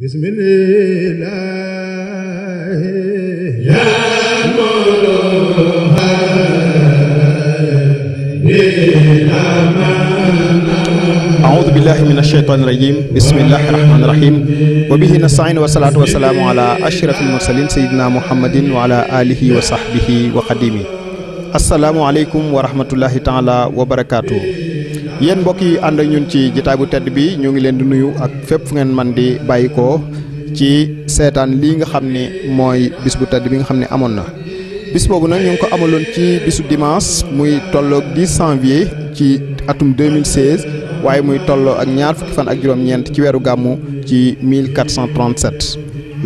bismillah yaa mawlana aoudu billahi min asheytaani rajim bismillahi rahmaani rahim wa bihi nastain wasalaatu wasalaamu ala ashrafil mursalin sayidina muhammadin wa ala alihi wa sahbihi wa qadimi asalaamualeykum wa rahmatullahi taala wa barakaatuhu yéen mbokk yi ànd ak ñun ci jitaay bu tedd bi ñoo ngi leen di nuyu ak fépp fu ngeen man di bàyyi ko ci seetaan lii nga xam ne mooy bis bu tedd bi nga xam ne amoon na. bis boobu nag ñu ngi ko amaloon ci bisu dimanche muy tolloog 10 janvier ci atum 2016 waaye muy tolloo ak ñaar fukki fan ak juróom-ñeent ci weeru gàmmu ci 1437.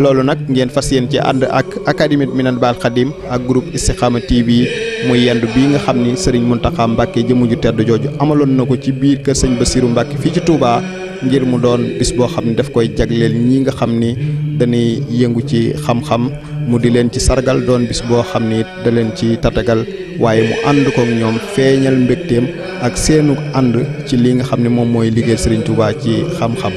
loolu nag ngeen fas yéen ci ànd ak académie Minane Baal Khadim ak groupe Istikhama TV. muy yendu bii nga xam ni sëriñ Muntaxa Mbàkke jëmu ju tedd jooju amaloon na ko ci biir kër ba Basiiru Mbàkke fii ci Touba ngir mu doon bis boo xam ni daf koy jagleel ñi nga xam ni dañuy yëngu ci xam-xam mu di leen ci sargal doon bis boo xam ni da leen ci tatagal waaye mu ànd ko ñoom feeñal mbégteem ak seenu ànd ci li nga xam ne moom mooy liggéey sëriñ Touba ci xam-xam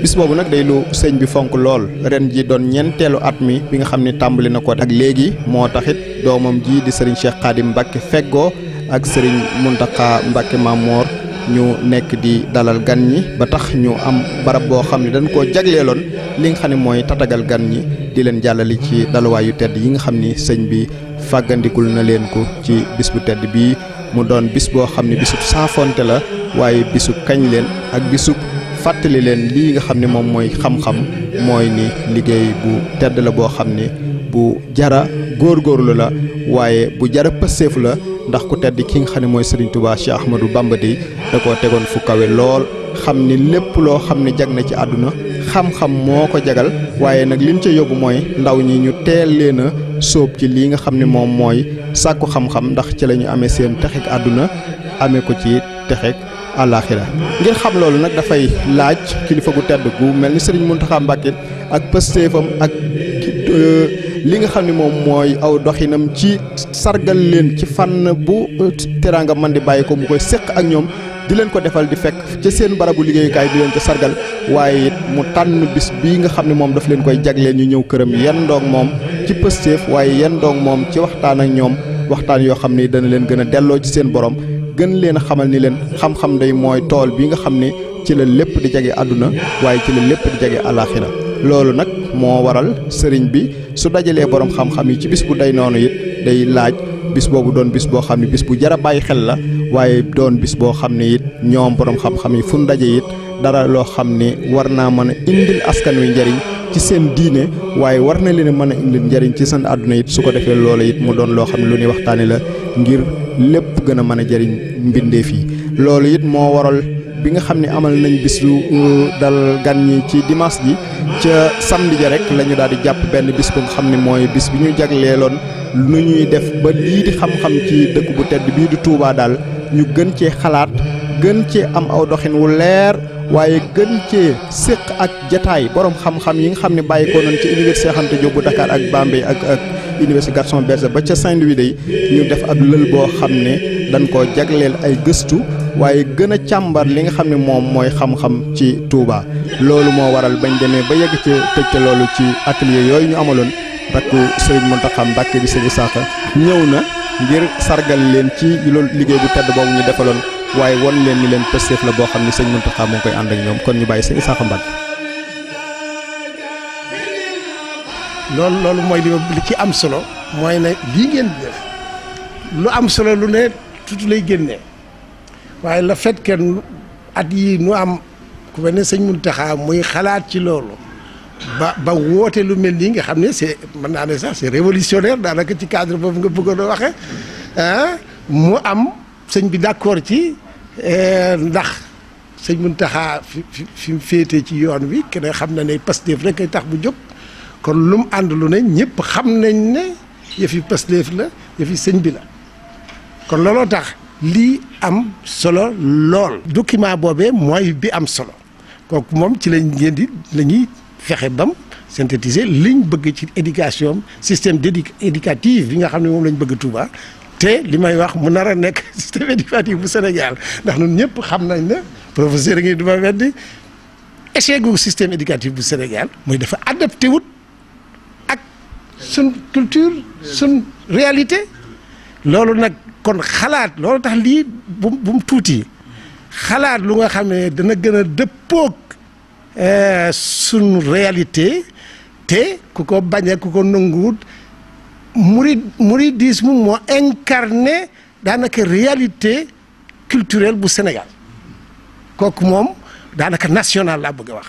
bis boobu nag day lu sëñ bi fonk lool ren ji doon ñeenteelu at mi bi nga xam ne tàmbali na ko ak léegi moo taxit doomam ji di sëriñ Cheikh Khadim Mbacke feggoo ak sëriñ Mountakha Mbacke Mamour ñu nekk di dalal gan ñi ba tax ñu am barab boo xam ne dañ ko jagleeloon li nga xam ne mooy tatagal gan ñi di leen jàllali ci daluwaay tedd yi nga xam ni sëñ bi fàggandikul na leen ko ci bis bu tedd bii mu doon bis boo xam ne bisub saafonte la waaye bisu kañ leen ak bisub fàttali leen lii nga xam ne moom mooy xam-xam mooy ni liggéey bu tedd la boo xam ni bu jara góorgóorlu la waaye bu jara pësseef la ndax ku tedd ki nga xam ne mooy Serigne Touba Cheikh Ahmadou Bamba di da koo tegoon fu kawe lool xam ni lépp loo xam ne jag na ci àdduna xam-xam moo ko jagal waaye nag liñ ca yóbbu mooy ndaw ñi ñu teel leen a sóob ci lii nga xam ni moom mooy sàkku xam-xam ndax ci lañu ñu amee seen texek àdduna amee ko ci texek àllaaxira ngir xam loolu nag dafay laaj kilifa gu tedd gu mel ni Serigne Mountakha Mbacké ak pëstéefam ak euh, li nga xam ne moom mooy aw doxinam ci sargal leen ci fànn bu euh, teraanga man di bàyyi ko mu koy séq ak ñoom di leen ko defal di fekk ci seen barabu liggéeyukaay di leen ci sargal waaye it mu tànn bis bii nga xam ne moom daf leen koy jagleen ñu ñëw këram yenn ndoog moom ci pëstéef waaye yenn ndoog moom ci waxtaan ak ñoom waxtaan yoo xam ni dana leen gën a delloo ci seen borom gën leen xamal ni leen xam-xam day mooy tool bi nga xam ni ci la lépp di jege àdduna waaye ci la lépp di jege àllaaxira loolu nag moo waral sëriñ bi su dajalee borom xam-xam yi ci bis bu day noonu it day laaj bis boobu doon bis boo xam ne bis bu jar a bàyyi xel la waaye doon bis boo xam ni it ñoom borom xam-xam yi fu ñu daje it dara loo xam ni war naa mën a indil askan wi njëriñ. ci seen diine waaye war na leen mën a indil njëriñ ci seen àdduna yit su ko defee loola it mu doon loo xam ne lu ñuy waxtaane la ngir lépp gën a mën a jëriñ mbindeef yi loolu it moo waral bi nga xam ne amal nañ bis lu uh, dal gan ñi ci dimanche ji ca samedi ja rek la daal di jàpp benn bis bu nga xam ne mooy bis bi ñu jagleeloon nu ñuy def ba lii di xam-xam ci dëkk bu tedd bii di tuubaa daal ñu gën cee xalaat gën cee am aw doxin wu leer waaye gën cee séq ak jataay borom xam-xam yi nga xam ne bàyyi ko ci université Cheikh Anta Diop bu Dakar ak Bambey ak ak université Gaston Berger ba ca Saint-Louis day ñu def ab lël boo xam ne dañ koo jagleel ay gëstu waaye gën a càmbar li nga xam ne moom mooy xam-xam ci Touba. loolu moo waral bañ demee ba yegg ci tëj loolu ci atelier yooyu ñu amaloon rakku Serigne Mountakha Mbacké bi Serigne Sakha ñëw na ngir sargal leen ci loolu liggéey bu tedd boobu ñu defaloon. waaye won leen ni leen pësteef la boo xam ne sëñ Muntaxa mu moo koy ànd ak ñoom kon ñu bàyyi sëñ Isaaxa Mbàkke loolu loolu mooy li li ci am solo mooy ne lii ngeen def lu am solo lu ne tuuti lay génne waaye la fait que at yi nu am ku mel ne sëñ Muntaxa muy xalaat ci loolu ba ba woote lu mel nii nga xam ne c'est mën naa ne sax c'est révolutionnaire daanaka ci cadre boobu nga bëgg a waxe ah mu am sëñ bi d'accord ci Eh, ndax sëñ Muntaxa fi fi mu féetee ci yoon wi keneen xam na ne Pastef rek ay tax bu jóg kon lu mu ànd lu ne ñëpp xam nañ ne yëfi Pastef la yëfi sëñ bi la kon looloo tax lii am solo lool. document boobee mooy bi am solo kooku moom ci lañ ngeen di la fexe bam synthétiser liñ bëgg ci éducation système d' yi bi nga xam ne moom lañ bëgg Touba te li may wax mu nar a nekk système éducatif bu Sénégal ndax ñun ñëpp xam nañ na professeur ngi du ma weddi échec gu système éducatif bu Sénégal mooy dafa adapté wut ak suñ culture suñ réalité loolu nag kon xalaat loolu tax lii bu bu mu tuuti xalaat lu nga xam ne dana gën a dëppoog euh, suñ réalité te ku ko bañ a ku ko nanguwut murid mouridisme moo incarné daanaka réalité culturelle bu Sénégal kooku moom daanaka national laa bëgg a wax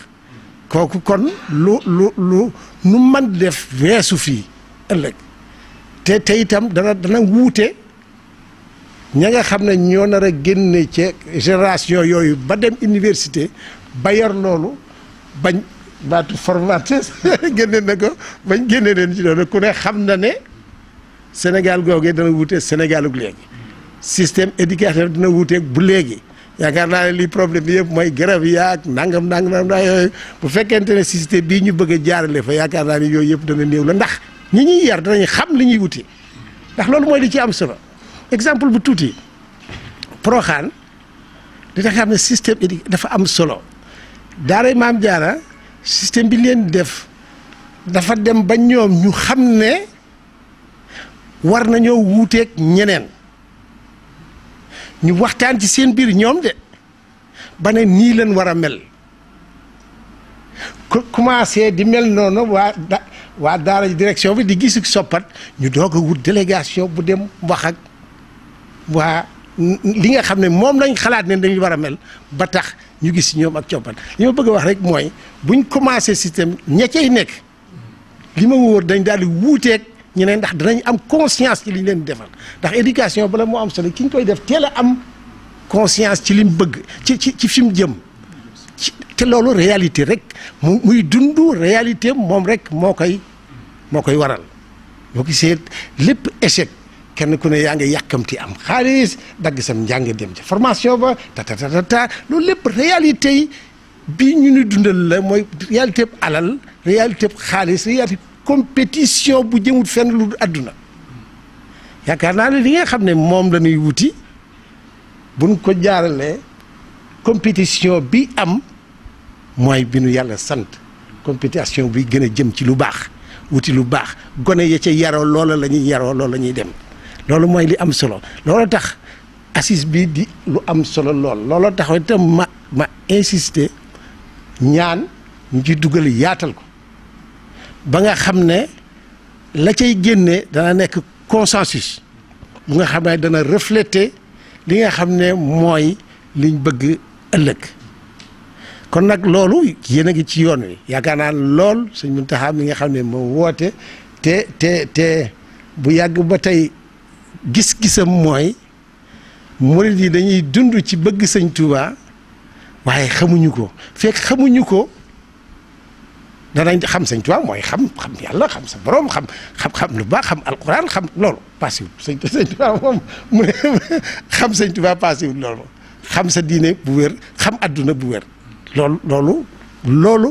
kooku kon lu lu lu nu man def weesu fii ëllëg te te itam dana dana wuute ña nga xam ne ñoo nar a génne ci génération yooyu ba dem université ba yor loolu bañ baatu formaté génne na ko bañ génne leen ci loolu ku ne xam na ne Sénégal googee dana wuute Sénégaluk léegi système éducatif dina wuuteeg bu léegi yaakaar naa ne lii problème bi yëpp mooy grève yaak nangam nangam naa yooyu bu fekkente ne système bii ñu bëgg a jaarale fa yaakaar naa ne yooyu yëpp dana néew la ndax ñi ñuy yar danañ xam li ñuy wuti ndax loolu mooy li ci am solo exemple bu tuuti Proxaan di nga xam ne système éducatif dafa am solo daaray Maam Jaara système bi leen def dafa dem ba ñoom ñu xam ne. war nañoo wuuteeg ñeneen ñu waxtaan ci seen biir ñoom de ba ne nii leen war a mel ku commencé di mel noonu waa da waa daara direction bi di gis soppat ñu doog a wut délégation bu dem wax ak waa li nga xam ne moom lañ xalaat ne dañu war a mel ba tax ñu gis ñoom ak coppat li bëgg a wax rek mooy buñ commencé système ña cay nekk li ma wóor dañ daal di wuuteeg. ñu ndax danañ am conscience ci liñ leen defal ndax éducation bala moo am solo ki ñu koy def teel a am conscience ci lim bëgg ci ci ci fi mu jëm te loolu réalité rek mu muy dund réalité moom rek moo koy moo koy waral boo gisee lépp échec kenn ku ne yaa ngi yàkkamti am xaalis dagg sam njàng dem ci formation ba ta ta ta loolu lépp réalité yi bii ñu ni dundal la mooy réalité alal réalité xaalis réalité compétition bu jëmul fenn lu àdduna yaakaar naa ne li nga xam ne moom la ñuy wuti buñ ko jaaralee compétition bi am mooy bi nu yàlla sant compétition bi gën a jëm ci lu baax wuti lu baax gone ya ca yaroo loola la ñuy yaroo loola la ñuy dem loolu mooy li am solo loolu tax assise bi di lu am solo lool looloo tax itam ma ma insister ñaan ñu ci dugal yaatal ko ba nga xam ne la cay génne dana nekk consensus bu nga xam ne dana refléter li nga xam ne mooy liñ bëgg ëllëg kon nag loolu yéen a ngi ci yoon wi yaakaar naa lool sëñ Mountakha mi nga xam ne moo woote te te te bu yàgg ba tey gis-gisam mooy murid yi dañuy dund ci bëgg sëñ Touba waaye xamuñu ko fekk xamuñu ko danañ xam sëñ Tuubaa mooy xam xam yàlla xam sa borom xam xam lu baax xam alquran xam loolu passiwul sëñ sëñ Tuubaa moom mu ne xam sëñ Tuubaa passiwul loolu xam sa diine bu wér xam àdduna bu wér loolu loolu loolu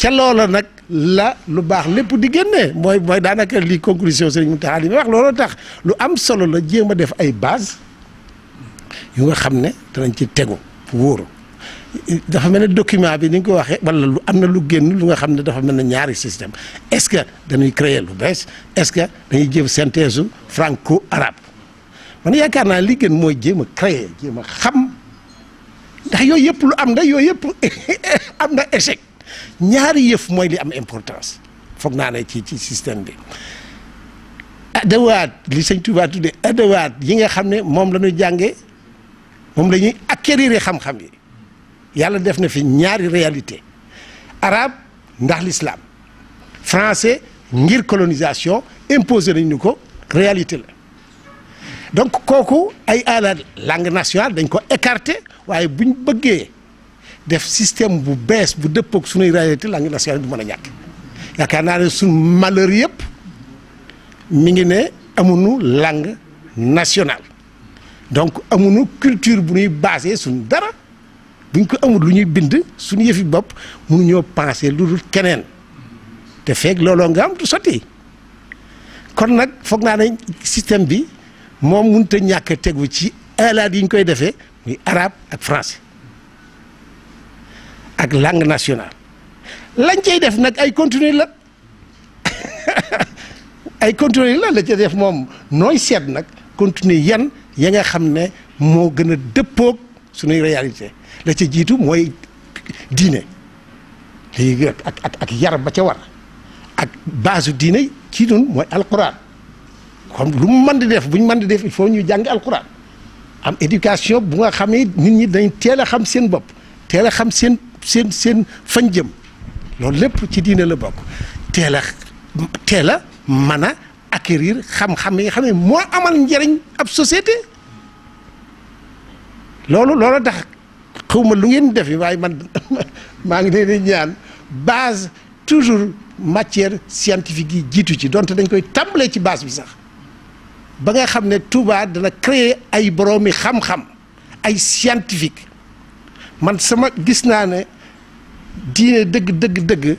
ca loola nag la lu baax lépp di génnee mooy mooy daanaka lii conclusion sëriñ Mountakha li wax looloo tax lu am solo la jéem a def ay base yu nga xam ne danañ ci tegu wóoru dafa mel ne document bi ni nga ko waxee wala lu am na lu génn lu nga xam ne dafa mel ne ñaari système est-ce que dañuy créer lu bees est-ce que dañuy jëf synthèse franco arabe man yaakaar naa li gën mooy jéem a créer jéem xam ndax yooyu yëpp lu am na yooyu yëpp am na échec ñaari yëf mooy li am importance foog naa ne ci ci système bi adawaat li sëñ Tuubaa tuddee adawaat yi nga xam ne moom la ñuy jàngee moom lañuy ñuy acquérir xam-xam yi yàlla def na fi ñaari réalité arabe ndax l'islam français ngir colonisation imposé nañ ñu ko réalité la donc kooku ay aada langue nationale dañ ko écarté waaye buñ bëggee def système bu bees bu dëppook suñuy réalité langue nationale du mën a ñàkk yaakaar naa ne suñ malheur yëpp mi ngi ne amunu langue nationale donc amuñu culture bu ñuy basé suñ dara bu ñu ko amul lu ñuy bind suñu yëfi bopp mënuñoo pensé lu dul keneen te feeg looloo nga am du sotti kon nag foog naa ne système bi moom mënut a ñàkk tegu ci alaat yi ñu koy defee muy arabe ak français ak langue nationale lañ cay def nag ay continuer la ay continuer la la ca def moom nooy seet nag continuer yan ya nga xam ne moo gën a dëppoog suñuy réalité la ca jiitu mooy diine léegi ak ak ak yar ba ca war ak base diine ci ñun mooy alquran comme lu mu mën di def bu ñu mën di def il faut ñu jàng alquran am éducation bu nga xam ne nit ñi dañ teel a xam seen bopp teel a xam seen seen seen fañ jëm loolu lépp ci diine la bokk teel a mën a acquérir xam-xam nga xam ne moo amal njëriñ ab société loolu loolu tax. xaw ma lu ngeen defi waaye man maa ngi leen di ñaan base toujours matière scientifique yi jiitu ci donte dañ koy tàmbalee ci baas bi sax ba nga xam ne Touba dana créer ay boroomi xam-xam ay scientifique man sama gis naa ne diine dëgg dëgg dëgg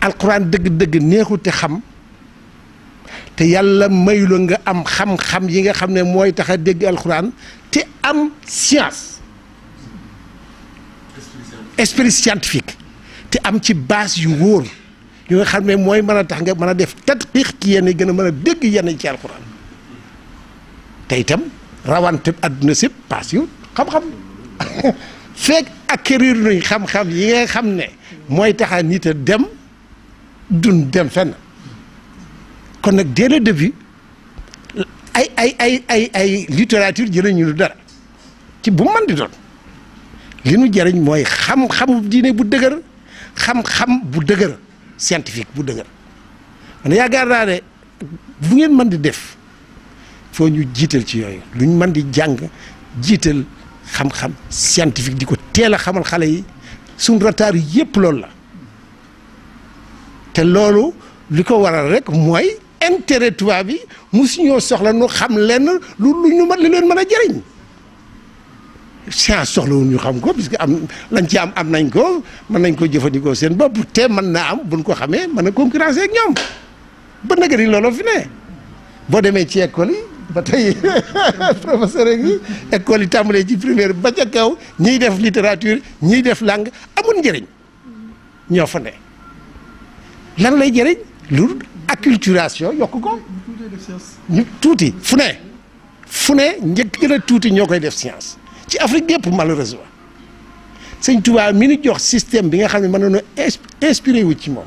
alxuraan dëgg dëgg neexute xam te yàlla mayu la nga am xam-xam yi nga xam ne mooy tax a dégg alxuraan te am science esprit scientifique te am ci base yu wóor yu nga xam ne mooy mën a tax nga mën a def tatqiq ci yenn gën a mën a dégg yenn ci alxuraan te itam rawante adduna si paas yu xam-xam fekk acquérir nañ xam-xam yi nga xam ne mooy taxa nit a dem dun dem fenn kon nag dès le début ay ay ay ay ay littérature jëlee ñu dara ci bu man di doon li nu jëriñ mooy xam-xamu diine bu dëgër xam-xam bu dëgër scientifique bu dëgër man yaakaar naa ne bu ngeen mën di def foo ñu jiital ci yooyu luñ mën di jàng jiital xam-xam scientifique di ko teel a xamal xale yi suñ retard yépp loolu la te loolu li ko waral rek mooy intérêt tubaab bi musuñoo soxla nu xam lenn lu lu ñu mën li leen mën a jëriñ science soxlawul ñu xam ko puisque am lañ ci am am nañ ko mën nañ koo jëfandikoo seen bopp te mën naa am buñ ko xamee mën na concurrencer ak ñoom ba nag ni looloo fi ne boo demee ci école yi ba tey professeur yi école yi tàmbalee ci primaire ba ca kaw ñiy def littérature ñiy def langue amul njëriñ ñoo fa lan lay jëriñ lu acculturation yokk ko ñu tuuti fu ne fu ne njëkk gën a tuuti ñoo koy def science ci Afrique yëpp malheureusement sëñ Touba mi ni jox système bi nga xam ne mën nañoo inspiré wu ci moom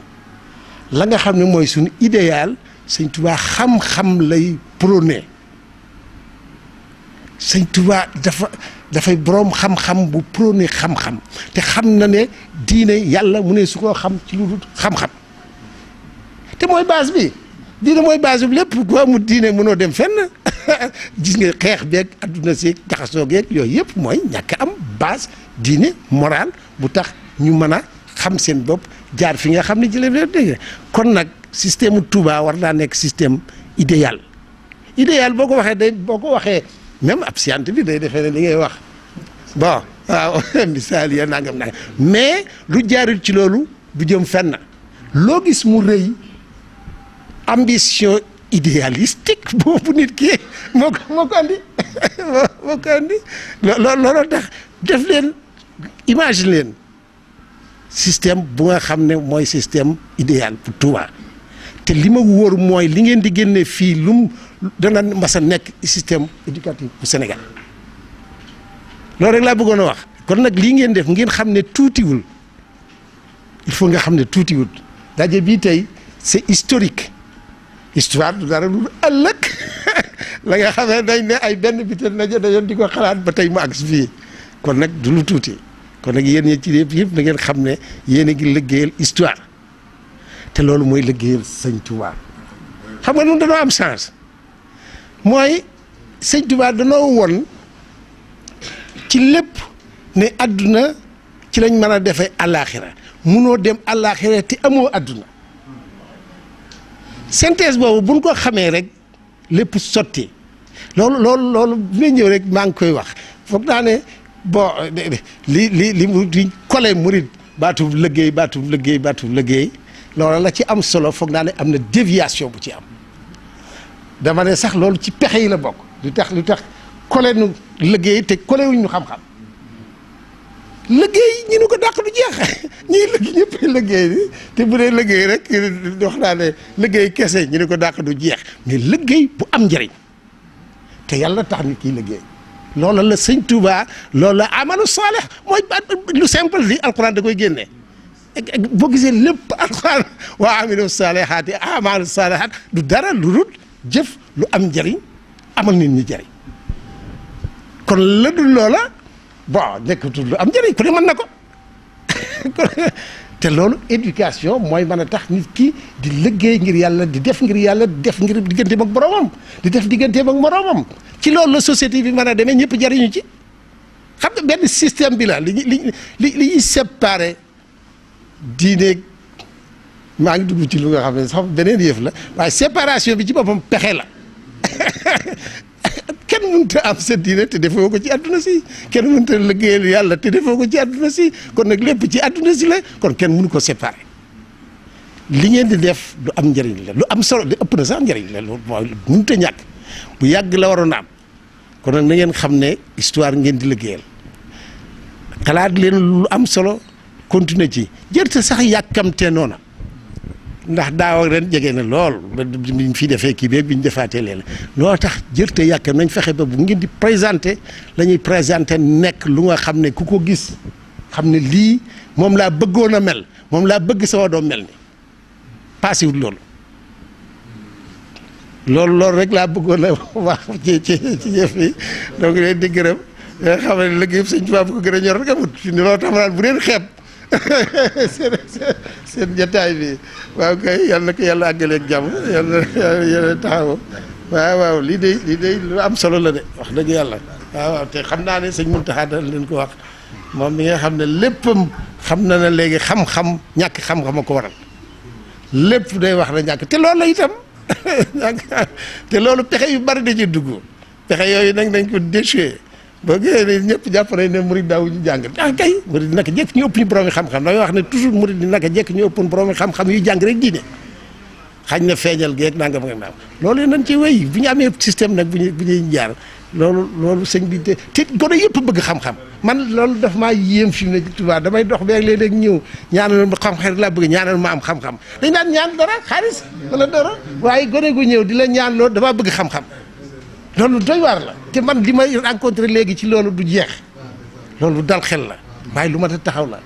la nga xam ne mooy suñu idéal sëñ Touba xam-xam lay prôné sëñ Touba dafa dafay boroom xam-xam bu prone xam-xam te xam na ne diine yàlla mu ne su koo xam ci lu dul xam-xam te mooy base bi diine mooy base bi lépp ku amul diine mënoo dem fenn. gis nga xeex beeg adduna si jaxasoo geeg yooyu yëpp mooy ñàkk am base diine morale bu tax ñu mën a xam seen bopp jaar fi nga xam ne jëlee leen kon nag système mu Touba war naa nekk système idéal idéal boo ko waxee day boo ko waxee même ab scientifique bi day defee ne li ngay wax bon waaw misaal ya nangam nangam mais lu jaarul ci loolu bu jëm fenn loo gis mu rëy ambition idéalistique boobu nit ki moo ko moo ko andi moo ko andi looloo tax def leen image leen système bu nga xam ne mooy système idéal pour Touba te li ma wóor mooy li ngeen di génne fii lum dana mas a nekk système éducatif bu Sénégal loolu rek laa bëggoon a wax kon nag lii ngeen def ngeen xam ne tuutiwul il faut nga xam ne tuutiwul daje bii tey c'est historique histoire du dara lu ëllëg la nga xamee dañ ne ay benn bitel nañu dañoon di ko xalaat ba tey mu agsi fii kon nag du lu tuuti kon nag yéen ñi ci yëpp yëpp na ngeen xam ne yéen a ngi liggéeyal histoire te loolu mooy liggéeyal sëñ Touba xam nga ñun dañoo am change mooy sëñ Touba dañoo won ci lépp ne àdduna ci lañ mën a defee àllaaxira munoo dem àllaaxira te amoo àdduna synthèse boobu buñ ko xamee rek lépp sotti loolu loolu loolu bu ñëw rek maa ngi koy wax foog naa ne bon li li li mu di collé murid baatub liggéey baatub liggéey baatub liggéey loolu la ci am solo foog naa ne am na déviation bu ci am dama ne sax loolu ci pexe yi la bokk lu tax lu tax collé nu liggéey te cole wuñ ñu xam-xam liggéey ñu nu ko dàq du jeex ñuy liggéey ñëpp te bu dee liggéey rek wax naa kese ñu ne ko dàq du jeex mais liggéey bu am njëriñ te yàlla tax nit kii liggéey loola la sëñ Touba loola amalu saalih mooy lu simple li alquran da koy génne e, e, boo gisee lépp alquran waa amilu saalihaati amalu saalihaat du dara lu dul jëf lu am njëriñ amal nit ñi njëriñ kon la dul loola bon nekkatul lu am njëriñ ku ne mën na ko te loolu éducation mooy mën a tax nit ki di liggéey ngir yàlla di def ngir yàlla di def ngir digganteem ak boroomam di def digganteem ak moroomam ci loolu la société bi mën a demee ñëpp jariñu ci xam nga benn système bi la li li li li ñuy séparé diine maa ngi dugg ci lu nga xam ne sax beneen yëf la waaye séparation bi ci boppam pexe la kenn mënut a am sa diine te defoo ko ci àdduna si kenn mënut a liggéeyal yàlla te defoo ko ci àdduna si kon nag lépp ci àdduna si la kon kenn mënu ko séparé li ngeen di def lu am njëriñ la lu am solo de ëpp na sax njëriñ la loolu mooy mënut a ñàkk bu yàgg la waroon a am kon nag na ngeen xam ne histoire ngeen di liggéeyal xalaat leen lu am solo continuer ci jërte sax yàkkamte noona ndax daaw ak ren jege na lool ñu fi defee kii bi ñu defaatee leen loo tax jërte yàkkam nañ fexe ba bu ngeen di présenté lañuy ñuy présenté nekk lu nga xam ne ku ko gis xam ne lii moom laa bëggoon a mel moom laa bëgg sama doom mel ni paasiwut loolu loolu loolu rek laa bëggoon a wax ci ci ci jëf yi donc leen di gërëm nga xam ne liggéey sëñ Tuubaa bu ko gën a ñor rek amut fi ne loolu tax ma naan bu leen xeeb seen seen jataay bi waaw kay yal ko yàlla àggaleeg jàmm yal na waaw waaw lii de lii de lu am solo la de wax dëgg yàlla waaw waaw te xam naa ne sëñ Mountakha dana leen ko wax moom mi nga xam ne léppam xam na ne léegi xam-xam ñàkk xam-xam a ko waral lépp day wax na ñàkk te loolu la itam loolu pexe yu bari dañuy dugg pexe yooyu nag dañ ko déchoué. ba ngeen ñëpp jàpp nañ ne murid daaw ñu jàng ah kay murid naka jekk ñu ëpp ñu borom xam-xam damay wax ne toujours murid di naka jekk ñu ëppoon borom xam-xam yu jàng rek diine xañ na feeñal geeg nangam ak naam loolu nañ ci wéy bu ñu amee système nag bu ñuy bu ñuy jaar loolu loolu sëñ bi te te gone yëpp bëgg xam-xam man loolu daf maa yéem fi mu ne Tuubaa damay dox beeg léeg-léeg ñëw ñaanal ma xam-xam laa bëgg ñaanal ma am xam-xam dañ daan ñaan dara xaalis wala dara waaye gone gu ñëw di la ñaan loolu damaa bëgg xam-xam loolu doy waar la te man li may rencontré léegi ci loolu du jeex loolu dal xel la waaye lu ma a taxaw la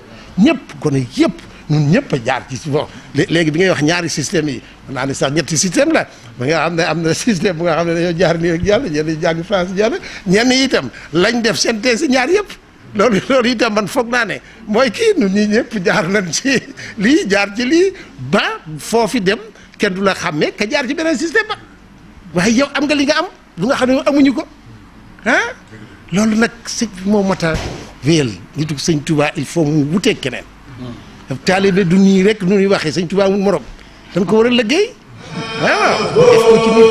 ñëpp gone yëpp ñun ñëpp a jaar ci bon léegi bi ngay wax ñaari système yi mën ne sax ñetti système la ba nga xam ne am na système bu nga xam ne dañoo jaar nii rek jàll ñenn jàng France jàll ñenn itam lañ def seen si ñaar yëpp loolu loolu itam man foog naa ne mooy kii ñun ñii ñëpp jaar nañ ci lii jaar ci lii ba foofi dem kenn du la xàmmee ka jaar ci beneen système ba waaye yow am nga li nga am lu nga xam ne amuñu ko loolu nag si bi moo mat a wéyal nitu sëñ Touba il faut mu wuteeg keneen taalibe du nii rek nu ñuy waxee sëñ Touba mu morom dañ ko war a liggéey ah def ko ci nit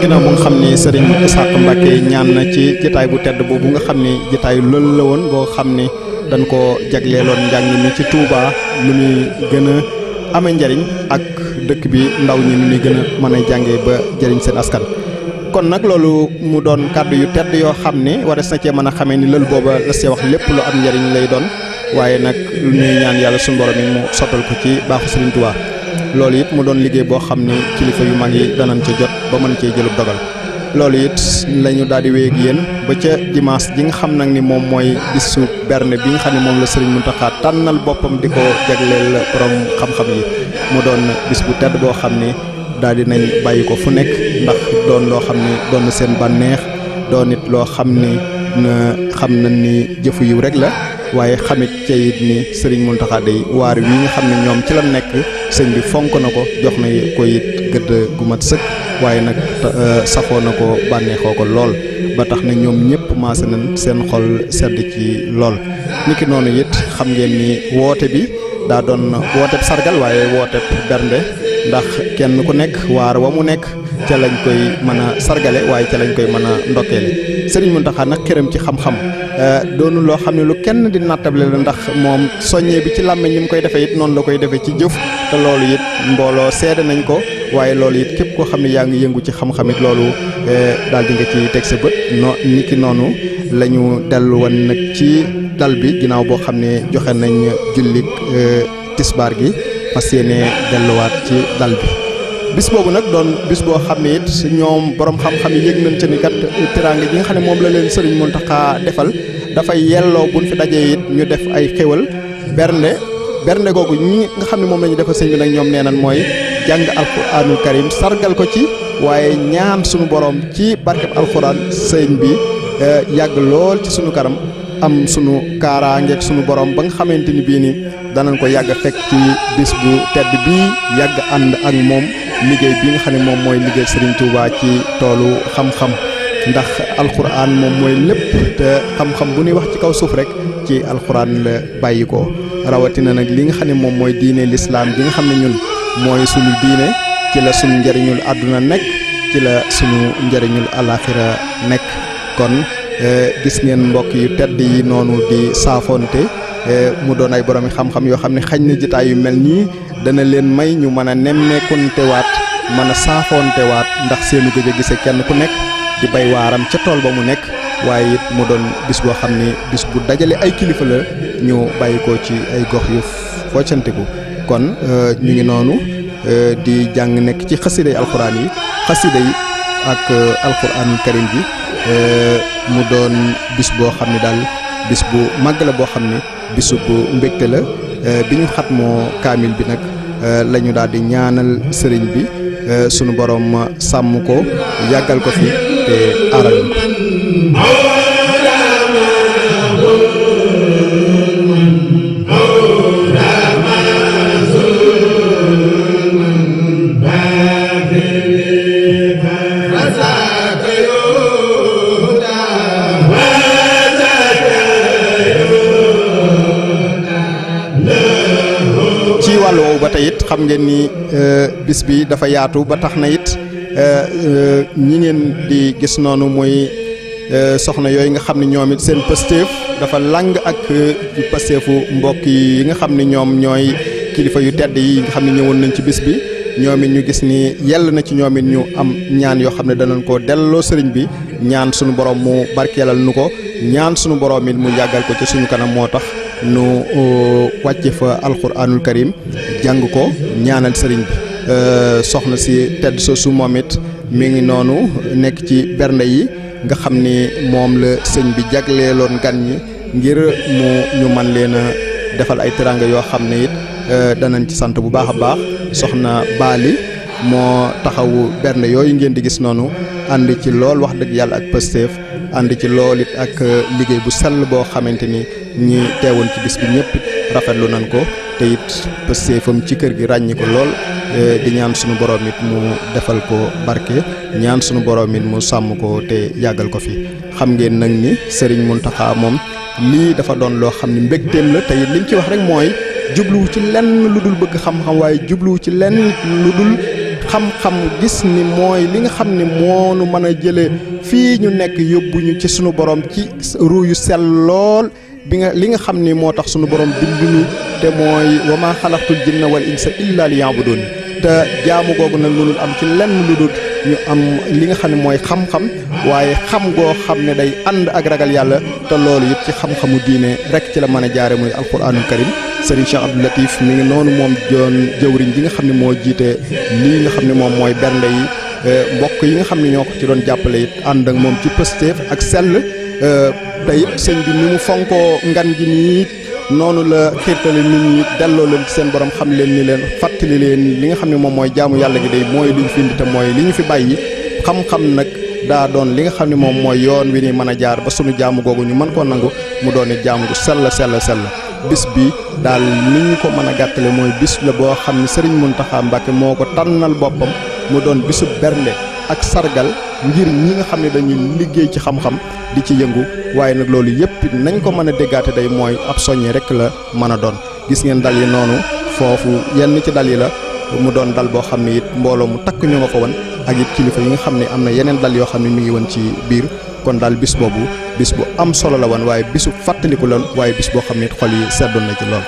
ki mu nga xam ni sëriñ Isaac Mbacke ñaan na ci jataay bu tedd boobu nga xam ne jataayu loolu la woon boo xam ne dañ ko jagle jagleeloon njàng mi ci Touba lu ñuy gën a amee njariñ ak dëkk bi ndaw ñi nu ñuy gën a mën jàngee ba jëriñ seen askan. kon nag loolu mu doon kàddu yu tedd yoo xam ne warees na cee mën a xamee ni lël booba la see wax lépp lu am njariñ lay doon waaye nag lu ñuy ñaan yàlla su borom yi mu sottal ko ci baaxu Sëriñ Touba loolu it mu doon liggéey boo xam ne kilifa yu mag yi danañ ca jot ba mën cee jëlub dogal. loolu it la ñu daal di wéy ak ba ca dimanche ji nga xam nag ni moom mooy bisu berne bi nga xam ne moom la Serigne Mountakha tànnal boppam di ko jagleel borom xam-xam yi mu doon gis bu tedd boo xam ne daal di nañ bàyyi ko fu nekk ndax doon loo xam ne doon na seen bànneex doon it loo xam ne na xam na ni jëfu yiw rek la waaye xamit ca it ni Serigne Mountakha day waar yi nga xam ne ñoom ci la nekk. sëñ bi fonk na ko jox na koy it gëdd gu mat sëkk waaye nag euh, safoo na ko bànneexoo ko lool ba tax na ñoom ñëpp maase nañ seen xol sedd ci lool ki noonu it xam ngeen ni woote bi daa doon wooteb sargal waaye wooteb bernde ndax kenn ku nekk waar wa mu nekk ca lañ koy mën a sargale waaye ca lañ koy mën a ndokkeele Serigne Mountakha nag xëram ci xam-xam euh, doonu loo xam ne lu kenn di nattable la ndax moom soññee bi ci làmmiñ ni mu koy defee it noonu la koy defee ci jëf te loolu it mbooloo seede nañ ko waaye loolu it képp koo xam ne yaa ngi yëngu ci xam-xam it loolu euh, daal di nga ci teg sa bët no ni noonu la ñu dellu woon nag ci dal bi ginnaaw boo xam ne joxe nañ jullik euh, tisbaar gi fas yéene delluwaat ci dal bi bis boobu nag doon bis boo xam ne it ñoom boroom xam-xam yëg nañ ca ni kat teraanga ji nga xam ne moom la leen sëriñ Mountakha defal dafay yelloo buñ fi dajee it ñu def ay xéwal bernde bernde googu ñi nga xam ne moom lañuy ñu defal sëriñ bi nag ñoom nee nañ mooy jàng alquranul karim sargal ko ci waaye ñaan sunu boroom ci barkeb alquran sëriñ bi eh, yàgg lool ci sunu karam am sunu kaaraangeeg sunu borom ba nga xamante ni bii nii danañ ko yàgg fekk ci bis bu tedd bii yàgg ànd ak moom liggéey bi nga xam ne moom mooy liggéey Serigne Touba ci toolu xam-xam ndax alxuraan moom mooy lépp te xam-xam bu ñuy wax ci kaw suuf rek ci alxuraan la bàyyi ko rawatina nag li nga xam ne moom mooy diine lislaam bi nga xam ne ñun mooy suñu diine ci la suñu njëriñul àdduna nekk ci la suñu njëriñul alaaxira nekk kon eh, gis ngeen mbokk yu tedd yi noonu di saafonte Eh, mu doon ay borom xam-xam yoo xam ne xañ na jitaay yu mel nii dana leen may ñu mën a nemmeekuntewaat mën a saafoontewaat ndax seenu gëj a gise kenn ku nekk di bay waaram ca tool ba mu nekk waaye it mu doon bis boo xam ne bis bu dajale ay kilifa la ñu bàyyi ko ci ay gox yu foccantiku kon eh, ñu ngi noonu eh, di jàng nekk ci xasida yi alxuraan yi xasida yi ak alxuraan karim bi mu doon bis boo xam ne daal bis bu màgg la boo xam ne bisub mbégte la euh, bi ñu moo kaamil bi nag euh, la ñu daal di ñaanal sëriñ bi euh, sunu borom sàmm ko yàggal ko fi te aaral ko xam ngeen ni euh, bis bi dafa yaatu ba tax na it euh, euh, ñi ngeen di gis noonu muy soxna yooyu nga xam ne ñoom it seen pësteef dafa lang ak pësteefu mbokk yi nga xam ne ñoom ñooy kilifa yu tedd yi nga xam ne ñëwoon nañ ci bis bi ñoom ñu gis ni yell na ci ñoom it ñu am ñaan yoo xam ne danañ ko delloo sëriñ bi ñaan sunu borom mu barkeelal nu ko ñaan sunu borom mu yàggal ko ci suñu kanam moo tax. nu uh, wàcce fa alquranul karim jàng ko ñaanal sëriñ bi uh, soxna si tedd su moom it mi ngi noonu nekk ci bernde yi nga xam ni moom la sëñ bi jagleeloon gan ñi ngir mu ñu man leen a defal ay teraanga yoo xam ne it uh, danañ ci sant bu baax a baax soxna Baali. moo taxawu berne yooyu ngeen di gis noonu ànd ci lool wax dëgg yàlla ak Pastef ànd ci lool it ak euh, liggéey bu sell boo xamante ni ñi teewoon ci bis bi ñëpp rafetlu nañ ko te it Pastefam ci kër gi ràññi ko lool euh, di ñaan sunu borom it mu defal ko barke ñaan sunu borom it mu sàmm ko te yàggal ko fi xam ngeen nag ni sëriñ mun taxaa moom lii dafa doon loo xam ne mbégteem la teyit liñ ci wax rek mooy jubluwu ci lenn lu dul bëgg xam-xam waaye jubluwu ci lenn xam-xam gis ni mooy li nga xam ni moonu mën a jële fii ñu nekk yóbbuñu ci sunu borom ci ruu yu sell lool bi nga li nga xam ni moo tax sunu borom binduñu te mooy wa maa xalaqtul jinna wal insa illa liya'budun te jaamu googu nag mënul am ci lenn lu dul ñu am li nga xam ne mooy xam-xam waaye xam goo xam ne day ànd ak ragal yàlla te loolu it ci xam-xamu diine rek ci la mën a jaare muy alquranul karim Serigne Cheikh Abdou Latif mi ngi noonu moom doon jëwriñ ji nga xam ne moo jiite lii nga xam ne moom mooy bernde yi eh, mbokk yi nga xam ne ñoo ko ci doon jàppale it ànd ak moom ci pësteef ak sell eh, te it sëñ bi ni mu fonkoo ngan ji nii noonu la xiirtale nit ñi delloo leen ci seen borom xam leen ni leen fàttali leen li nga xam ne moom mooy jaamu yàlla gi day mooy li ñu fi indi te mooy li fi bàyyi daa doon li nga xam ne moom mooy yoon wi ni mën a jaar ba sunu jaamu googu ñu mën koo nangu mu doon jaamu gu sell sell sell bis bi daal ni ñu ko mën a gàttale mooy bis la boo xam ne Serigne Mountakha Mbacké moo ko tànnal boppam mu doon bisu bernde ak sargal ngir ñi nga xam ne dañuy liggéey ci xam-xam di ci yëngu waaye nag loolu yëpp nañ ko mën a déggaate day mooy ab soññi rek la mën a doon gis ngeen dal yi noonu foofu yenn ci dal yi la mu doon dal boo xam ne it mbooloo mu takk ñoo nga fa woon ak it kilifa yi nga xam ne am na yeneen dal yoo xam ne mi ngi woon ci biir kon daal bis boobu bis bu am solo la woon waaye bisu fàttaliku la waaye bis boo xam ne it xol yi seddoon na ci lool.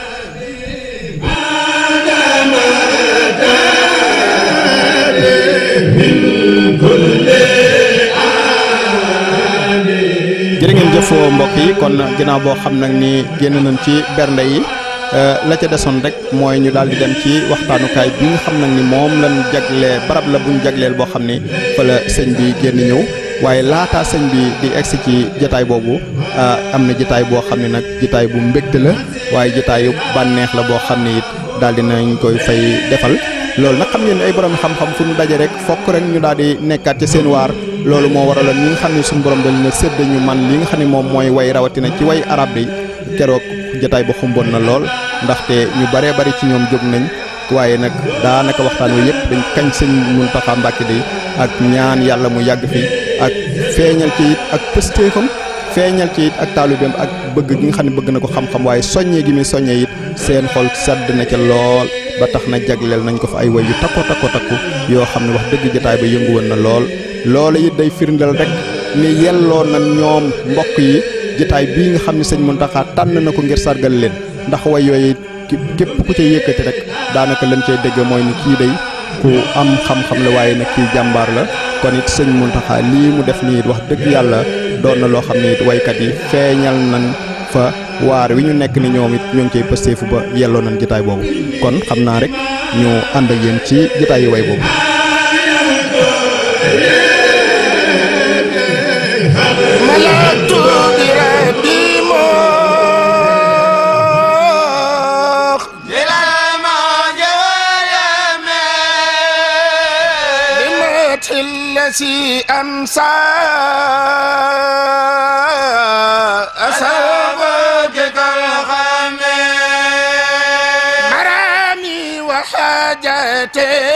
jërë ngeen jëfoo mbokk yi kon ginnaaw boo xam nag ni génn nañ ci bernde yi. Euh, la ca desoon rek mooy ñu daal di dem ci waxtaanukaay bi nga xam nag ni moom lañ jagle barab la buñ jagleel boo xam ni fa la sëñ bi génn ñëw waaye laata sëñ bi di egsi ci jataay boobu euh, am na jataay boo xam ne nag jataay bu mbégte la waaye jataayu bànneex la boo xam ne it daal di nañ koy fay defal loolu nag xam ngeen ay borom xam-xam fu ñu daje rek fokk rek ñu daal di nekkaat ci seen waar loolu moo waraloon ñi nga xam ne suñu borom dañ na sédd ñu man li xam ne moom mooy way rawatina ci way arab bi keroog jataay ba xumboon na lool ndaxte ñu baree bari ci ñoom jóg nañ waaye nag daanaka waxtaan wi yëpp dañ kañ sëñ Muntaxa Mbàkke di ak ñaan yàlla mu yàgg fi ak feeñal ci it ak pëstéefam feeñal ci it ak taalibeem ak bëgg gi xam ne bëgg na ko xam-xam waaye soññee gi muy soññee yit seen xol sedd na ca lool ba tax na jagleel nañ ko fa ay way yu takko takko takku yoo xam ne wax dëgg jotaay ba yëngu woon na lool loola it day firndeel rek ni mbokk yi jataay bii nga xam ne sëñ Muntaxa tànn na ko ngir sargal leen ndax way yooyu képp ku cay yëkkati rek daanaka lañ cay dégg mooy ni kii day ku am xam-xam waaye nag ci jàmbaar la kon it sëñ Muntaxa lii mu def nii wax dëgg yàlla doon na loo xam ne it waykat yi feeñal nañ fa waar wi ñu nekk ni ñoom it ñoo ngi cay pësteefu ba yelloo nañ jataay boobu kon xam naa rek ñu ànd ak ci jataayu way boobu الفتح الذي أمسى أسابقك الغمي مرامي وحاجاتي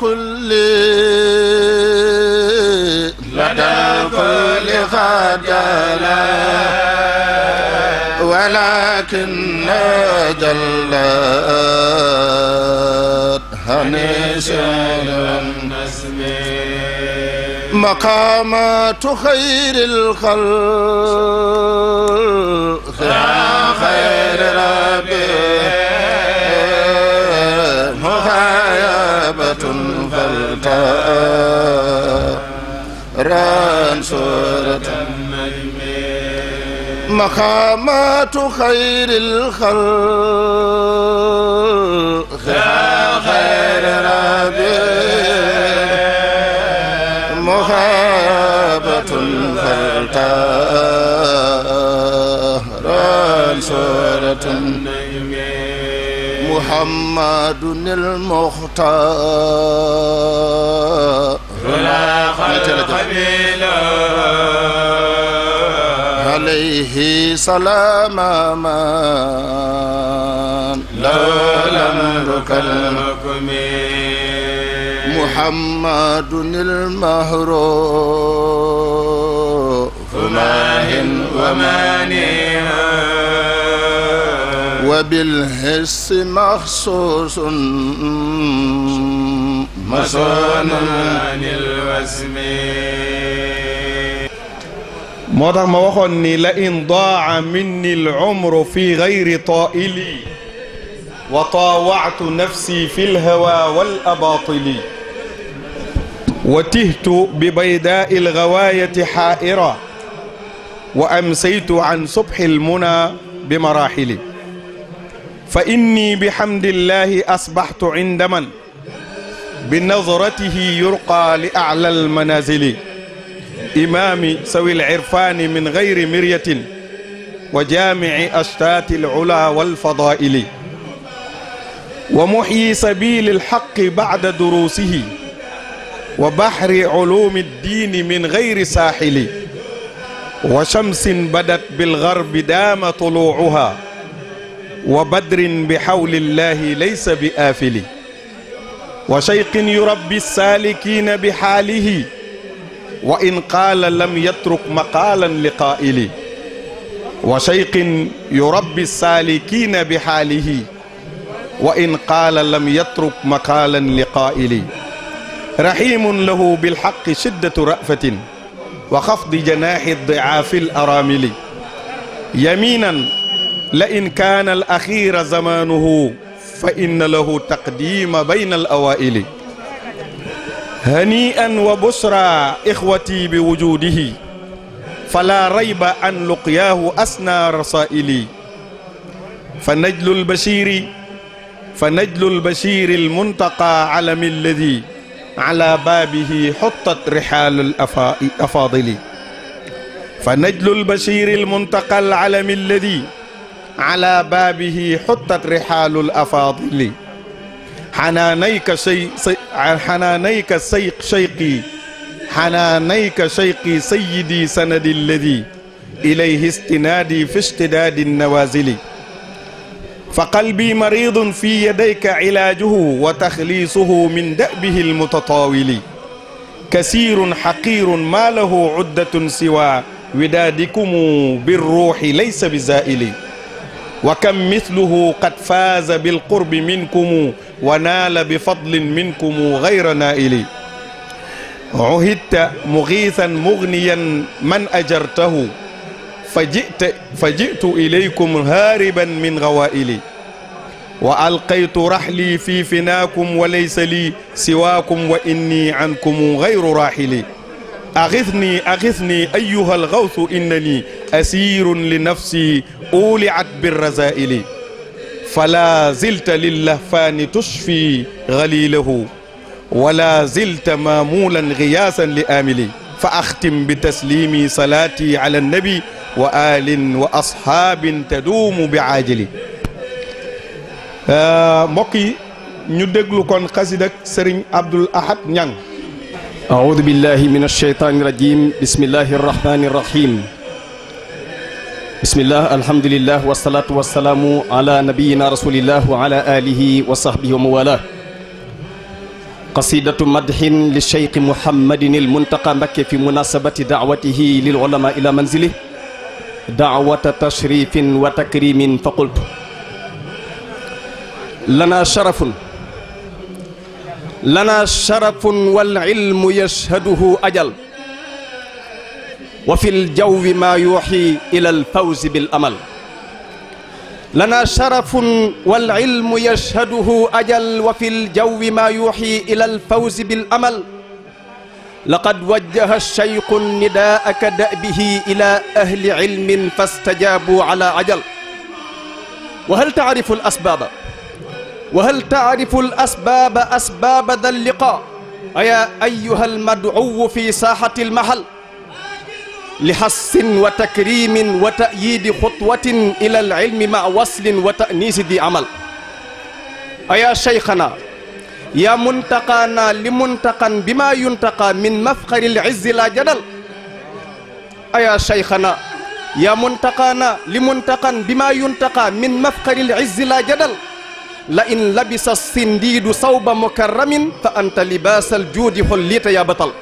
كل لدى كل خجلا ولكن جلت هنيسر النسم مقامات خير الخلق خير ران سورة مقامات خير الخلق يا خير ربي مهابة فلتا ران سورة محمد المختار لا خلق عليه سلام من لولا امرك المكمل محمد المهروف ماهن ومانئ وبالحس مخصوص مصون عن الوسم moo tax ma waxoon ni la in daa minni al-umru fi ghayri taa'ili wa taawa'tu nafsi fi al-hawa wal-abaatili وتهت ببيداء الغواية حائرة وأمسيت عن صبح المنى بمراحلي fa inni bi hamdillahi asbaxtu indaman bi nadratihi yurqa li ala almanazili imaami sawi alirfaani min gayri miryatin wa jaamici ashtaati alula walfadaili wa muxyi sabili alxaqi bacda duruusihi wa baxri culuumi addiini min gayri saaxili wa shamsin badat bilgarbi daama tuluucuha wa badrin bi xawlillahi laysa bi aafili wa sheyqin yurabbi saalikiina bi xaalihi wa in qaala lam yatruk maqaalan li qaa'ili wa sheyqin yurabbi saalikiina bi xaalihi wa in qaala lam yatruk maqaalan li qaa'ili raxiimun lahu bilxaqi shiddatu ra'fatin wa xafdi janaaxi dicaafi l araamili yamiinan la in kaana al axiira zamaanuhu fa inna lahu taqdiima bayna al awaa'ili hanii'an wa busraa ixwatii bi wujuudihi falaa rayba an luqyaahu asnaa rasaa'ili fa najlu lbashiiri fa najlu lbashiiri almuntaqaa alami alladi ala baabihi xuttat rixaalu afaadili fa najlu lbashiiri almuntaqa alami alladi ala baabihi xuttat rixaalul afaadili xanaanayka say xanaanayka say shayqi xanaanayka shayqi sayidi sanadi alladi ilayhi istinaadi fi ishtidaadi nawaasili fa qalbi mariidun fi yadayka cilaajuhu wa taxliisuhu min da'bihi almutataawili kasiirun xaqiirun maa lahu cuddatun siwaa widaadikumu birruuxi laysa bizaa'ili wa kam mithluhu qad faaza bil qurbi minkumu wa naala bi fadlin minkumu gayra naa'ili uhidta mugiisan mugniyan man ajartahu fa jita fa jitu ilaykum haariban min gawaa'ili wa alqaytu raxlii fi finaakum wa laysa lii siwaakum wa inni ankumu gayru raaxili أغثني أغثني أيها الغوث إنني أسير لنفسي أولعت بالرزائل فلا زلت للهفان تشفي غليله ولا زلت مامولا غياثا لآملي فأختم بتسليمي صلاتي على النبي وآل وأصحاب تدوم بعاجلي mbokk yi ñu déglu kon xasidak Serigne Abdoul Ahad Niang أعوذ بالله من الشيطان الرجيم بسم الله الرحمن الرحيم بسم الله الحمد لله والصلاة والسلام على نبينا رسول الله وعلى آله وصحبه وموالاه قصيدة مدح للشيخ محمد المنتقى مكي في مناسبة دعوته للعلماء إلى منزله دعوة تشريف وتكريم فقلت لنا شرف lana sharafun wal ilmu yashhaduhu ajal wa fil jawwi maa yuuxi ilal fawzi bil amal lana sharafun wal ilmu yashhaduhu ajal wa fil jawwi maa yuuxi ilal fawzi bil amal laqad wajjaha shaykhun nidaa'aka da'bihi ilaa ahli ilmin fastajaabu alaa ajal wa hal ta'rifu al asbaaba وهل تعرف الأسباب أسباب ذا اللقاء أيا أيها المدعو في ساحة المحل لحس وتكريم وتأييد خطوة إلى العلم مع وصل وتأنيس ذي عمل أيا شيخنا يا منتقانا لمنتقى بما ينتقى من مفخر العز لا جدل أيا شيخنا يا منتقانا لمنتقى بما ينتقى من مفخر العز لا جدل la in labisa sindiidu sawba mukarramin fa anta libaasal juudi xollita yaa batal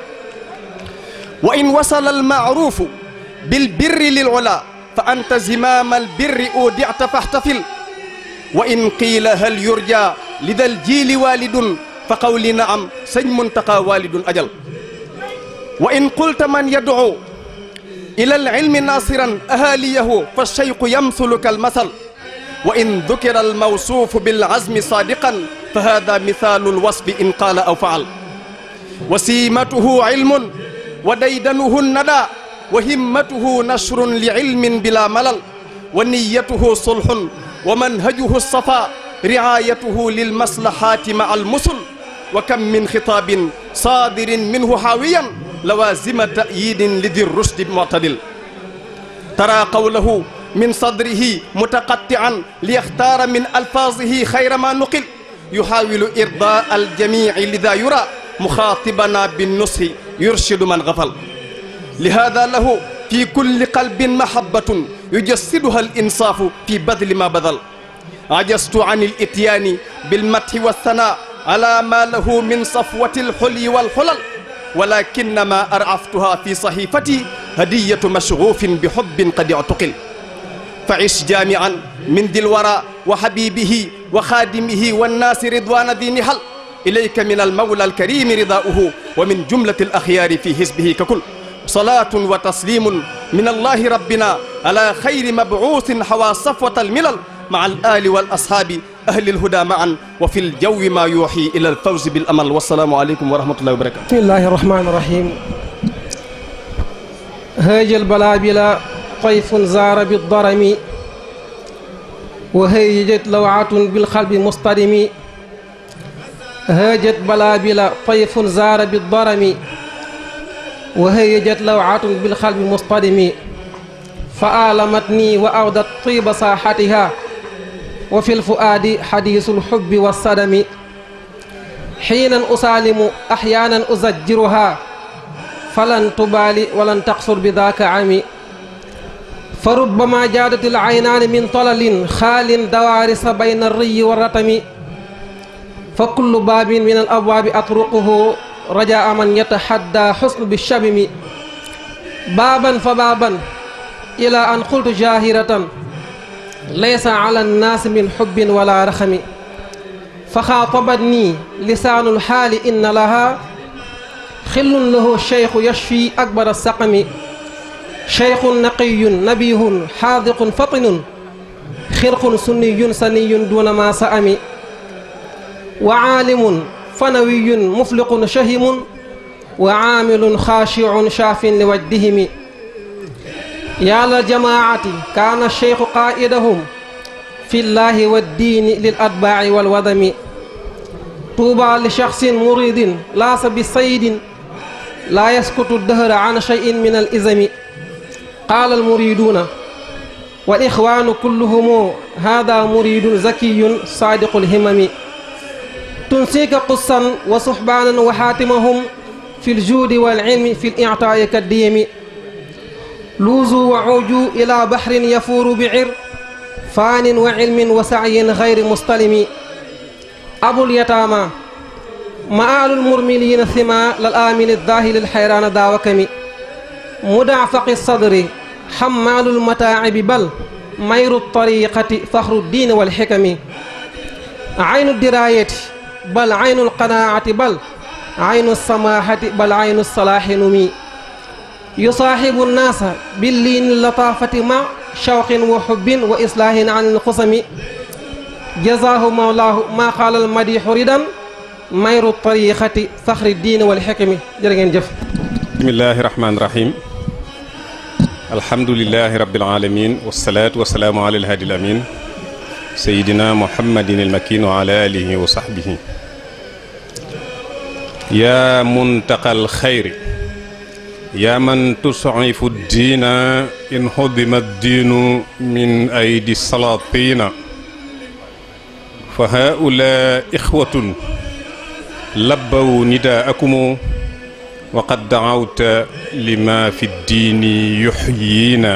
wa in wasala almaaruufu bilbirri lil ulaa fa anta zimaamal birri udicta faxtafil wa in qiila hal yurja li dal jiili waalidun fa qawli naam sëñ muntaqa waalidun ajal wa in qulta man yadcu ila alcilmi naasiran ahaaliyahu fa sheyqu yamsuluka almasal wa in dukira al mawsuufu bil azmi saadiqan fa hada mithaalu al wasfi in qaala aw faal wa siimatuhu ilmun wa daydanuhu nada wa himmatuhu nashrun li ilmin bila malal wa niyatuhu sulhun wa manhajuhu safa riaayatuhu lil maslahaati ma al musul wa kam min xitaabin saadirin minhu haawiyan lawaazima ta'yiidin li di rusdi mu'tadil tara qawlahu min sadrihi mutaqatti'an li yaxtaara min alfaazihi xayra ma nuqil yuhaawilu irdaa aljamiici lidaa yura muxaatibana binnushi yurshidu man gafal lihaada lahu fi kulli qalbin mahabbatun yujassiduha alinsaafu fi badli ma badal ajastu an ilityaani bilmathi walsanaa ala ma lahu min safwati alxulyi walxulal walakinna ma araftuha fi sahifati hadiyatu mashruufin bi xubbin qad ictuqil fa ish jaamian min dil wara wa habibihi wa xaadimihi wannaasi ridwana di nihal ilayka min almawla alkarimi ridaauhu wa min jumlati alaxyaari fi hisbihi ka kul salaatun wa taslimun min allahi rabbina ala xayri mabuusin xawaa safwata almilal maa al aali wal ashaabi ahli alhuda maan wa fi ljawwi maa yuuxi ila alfawzi bil amal wassalaamu aleykum wa rahmatullahi wa barakatu bismillahi arrahmani irrahim hëjël balaa bi la طيف زار بالضرم وهيجت لوعة بالقلب مصطرم هاجت بلابل طيف زار بالضرم وهيجت لوعة بالقلب مصطرم فآلمتني وأودت طيب ساحتها وفي الفؤاد حديث الحب والصدم حينا أسالم أحيانا أزجرها فلن تبالي ولن تقصر بذاك عمي fa rubbama jaadatil aynaani min tolalin xaalin dawaarisa bayna rëyi wa ratami fa kullu baabin min al abwaabi atruquhu rajaa man yataxaddaa xusnu bi shabimi baaban fa baaban ilaa an qultu jaahiratan laysa ala nnaasi min xubbin wala raxami fa xaatabatnii lisaanul xaali inna laha xillun lahu cheikhu yashfi akbara saqami cheikhun naqiyun nabihun xaadiqun fatinun xirqun sunniyun saniyun duna ma sa ami wa aalimun fanawiyun mufliqun shahimun wa aamilun xaashiun shaafin li wajdihimi yaa la jamaati kaana cheikhu qaa'idahum fi llaahi waddiini lil atbaaci walwadami tuubaa li shaxsin muridin laasa bi saydin laa yaskutu dahra an cheyin min al izami qaala almuriduuna wal ixwaanu kulluhumu hada muridun zakiyun saadiqu lhimami tunsiika qussan wa suxbaanan wa xaatimahum fi ljuudi walilmi fi linctaa'i kaddiyami luuzu wa cuuju ila baxrin yafuuru bicir faanin wa cilmin wa sacyin gayri mustalimi abulyataama ma'aalul murmiliina sima lal aamini daahili lxayraana daawakami mudaafaqi sadri xammaalul mataacibi bal mayru tariqati faxru diine wal xikami aynu diraayati bal aynu lqanaacati bal aynu samaaxati bal aynu salaaxi numi yusaaxibu nnaasa billiini lataafati ma shawqin wa xubbin wa islaahin an lxusami jazaahu mawlaahu maa qaalal madixu ridan mayru tariqati faxri diine wal xikami jërë ngeen jëf bismillahi rahmaani rahim alhamdulilahi rabbil alamin wasalaatu wasalaamu ala alhaadi al amin sayidina muhammadin almakin wa ala alihi wa sahbihi yaa muntaqa alxayri yaa man tusifu ddiina in xudima ddiinu min aydi salaatina fa haula ixwatun labbaw nidaakumu waqad daawta lima fi ddiini yuxyiina